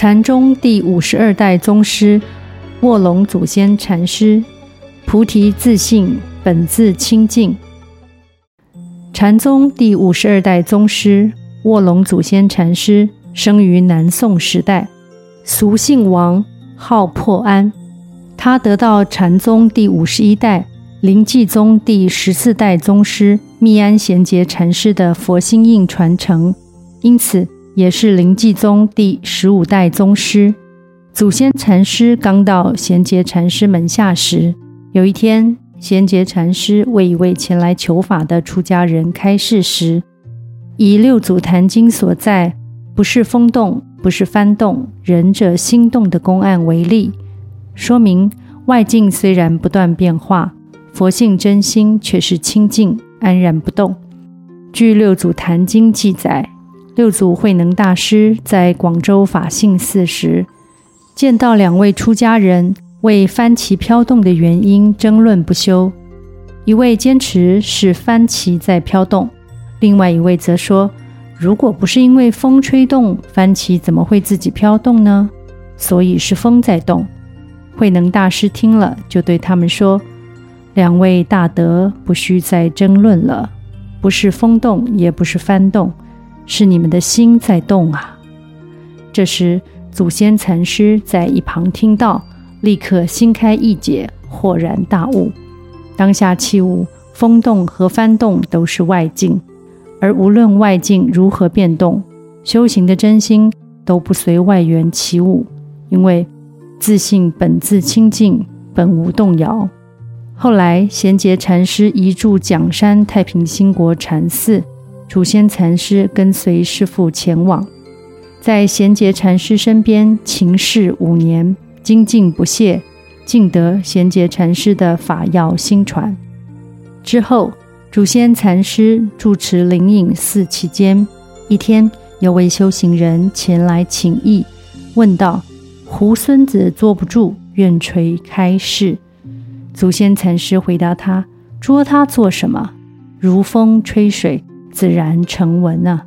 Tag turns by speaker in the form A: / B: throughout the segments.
A: 禪宗第五十二代宗師臥龍祖先禪師，菩提自性，本自清淨。禪宗第五十二代宗師臥龍祖先禪師生於南宋時代，俗姓王，號破庵。他得到禪宗第五十一代臨濟宗第十四代宗師密庵咸傑禪師的佛心印傳承，因此，也是臨濟宗第十五代宗師。祖先禪師剛到咸傑禪師門下時，有一天，咸傑禪師為一位前來求法的出家人開示時，以六祖壇經所載，不是風動，不是幡動，仁者心動的公案為例，說明外境雖然不斷變化，佛性真心卻是清淨安然不動。據六祖壇經記載。六祖慧能大師在廣州法性寺時，見到兩位出家人為幡旗飄動的原因爭論不休。一位堅持是幡旗在飄動，另外一位則說，如果不是因為風吹動，幡旗怎麼會自己飄動呢？所以是風在動。慧能大師聽了，就對他們說：“兩位大德，不需再爭論了，不是風動，也不是幡動。”是你們的心在動啊！這時，祖先禪師在一旁聽到，立刻心開意解，豁然大悟。當下契悟，風動和幡動，都是外境，而無論外境如何變動，修行的真心都不隨外緣起舞，因為自性本自清淨，本無動搖。後來，咸傑禪師移住蔣山太平興國禪寺。祖先禪師跟隨師父前往，在咸傑禪師身邊勤事五年，精進不懈，盡得咸傑禪師的法要心傳。之後，祖先禪師住持靈隱寺期間，一天有位修行人前來請益，問道：“胡孫子坐不住，願垂開示。”祖先禪師回答他：“捉他做什麼？如風吹水。”自然成文呢，啊。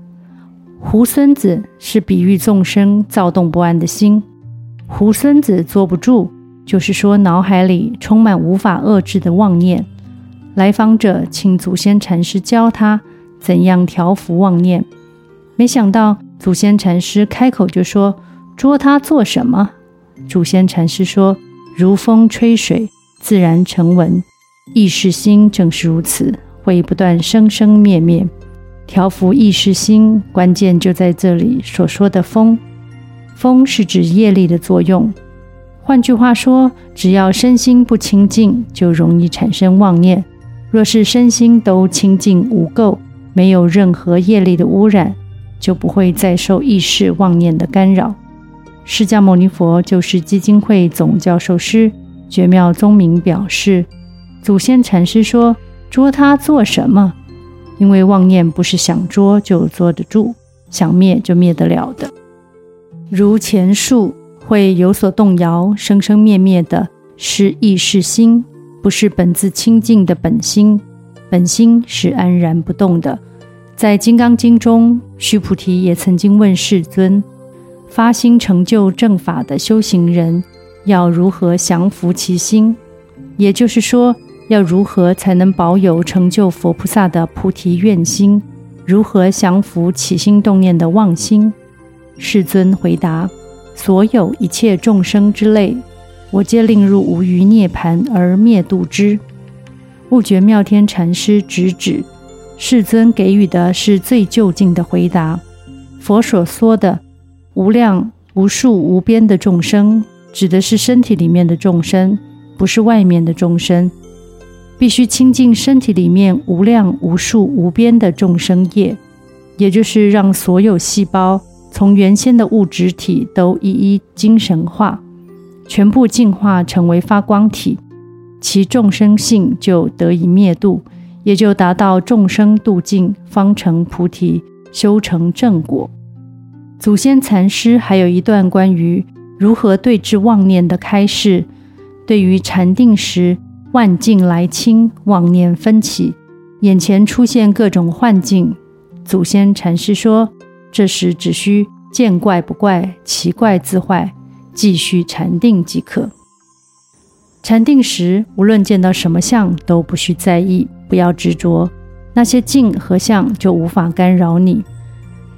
A: 猢猻子是比喻眾生躁動不安的心。猢猻子坐不住，就是說腦海裡充滿無法遏制的妄念。來訪者請祖先禪師教他怎樣調伏妄念。沒想到祖先禪師開口就說：“捉他做什麼？”祖先禪師說：“如風吹水，自然成文。意識心正是如此，會不斷生生滅滅。”調伏意識心，關鍵就在這裡所說的風。風是指業力的作用。換句話說，只要身心不清淨，就容易產生妄念；若是身心都清淨無垢，沒有任何業力的污染，就不會再受意識妄念的干擾。釋迦牟尼佛就是基金會總教授師，絕妙宗明表示，祖先禪師說：“捉他做什麼？”因為妄念不是想捉就捉得住，想滅就滅得了的。如前述，會有所動搖，生生滅滅的是意識心，不是本自清淨的本心。本心是安然不動的。在《金剛經》中，須菩提也曾經問世尊：發心成就正法的修行人，要如何降伏其心？也就是說。要如何才能保有成就佛菩薩的菩提願心？如何降服起心動念的妄心？世尊回答：“所有一切眾生之類，我皆令入無餘涅槃而滅度之。”悟覺妙天禪師直指，指，世尊給予的是最究竟的回答。佛所說的無量無數無邊的眾生，指的是身體裡面的眾生，不是外面的眾生。必須清淨身體裡面無量無數無邊的眾生業，也就是讓所有細胞從原先的物質體都一一精神化，全部淨化成為發光體，其眾生性就得以滅度，也就達到眾生度盡，方成菩提，修成正果。祖先禪師還有一段關於如何對治妄念的開示，對於禪定時，萬境來侵，妄念紛起，眼前出現各種幻境。祖先禪師說，這時只需見怪不怪，奇怪自壞，繼續禪定即可。禪定時，無論見到什麼相，都不需在意，不要執着，那些境和相就無法干擾你。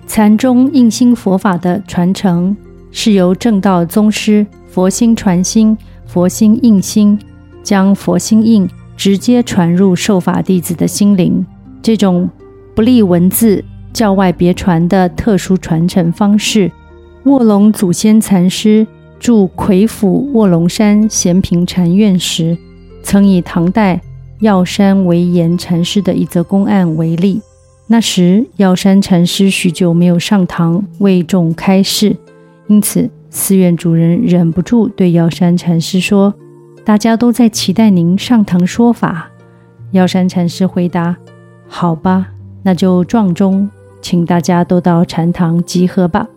A: 禪宗印心佛法的傳承是由正道宗師佛心傳心，佛心印心。將佛心印直接傳入受法弟子的心靈，這種不立文字、教外別傳的特殊傳承方式，臥龍祖先禪師住魁府臥龍山咸平禪院時，曾以唐代藥山惟儼禪師的一則公案為例。那時藥山禪師許久沒有上堂，為眾開示，因此寺院主人忍不住對藥山禪師說。大家都在期待您上堂說法。藥山禪師回答：“好吧，那就撞鐘，請大家都到禪堂集合吧。”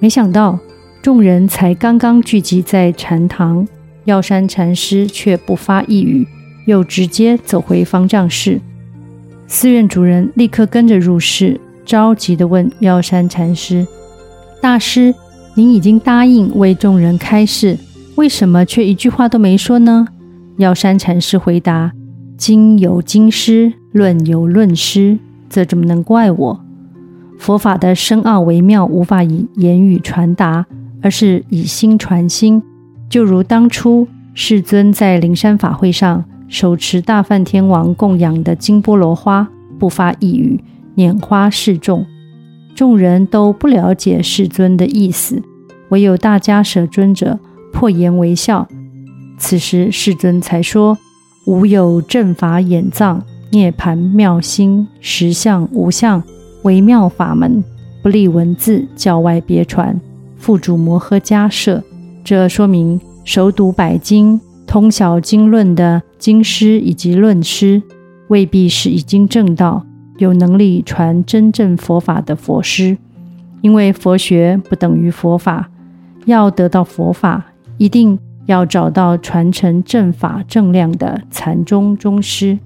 A: 沒想到，眾人才剛剛聚集在禪堂，藥山禪師卻不發一語，又直接走回方丈室。寺院主人立刻跟着入室，着急地問藥山禪師：“大師，您已經答應為眾人開示。”為什麼卻一句話都沒說呢？藥山禪師回答：“經有經師，論有論師，這怎麼能怪我？佛法的深奧微妙，無法以言語傳達，而是以心傳心。就如當初世尊在靈山法會上，手持大梵天王供養的金波羅花，不發一語，拈花示眾。眾人都不了解世尊的意思，唯有大迦葉尊者。”破顏微笑，此時世尊才說：“吾有正法眼藏、涅槃妙心、實相無相，微妙法門，不立文字，教外別傳，付囑摩訶迦葉。”這說明熟讀百經、通曉經論的經師以及論師，未必是已經證道、有能力傳真正佛法的佛師，因為佛學不等於佛法，要得到佛法。一定要找到傳承正法正量的禪宗宗師。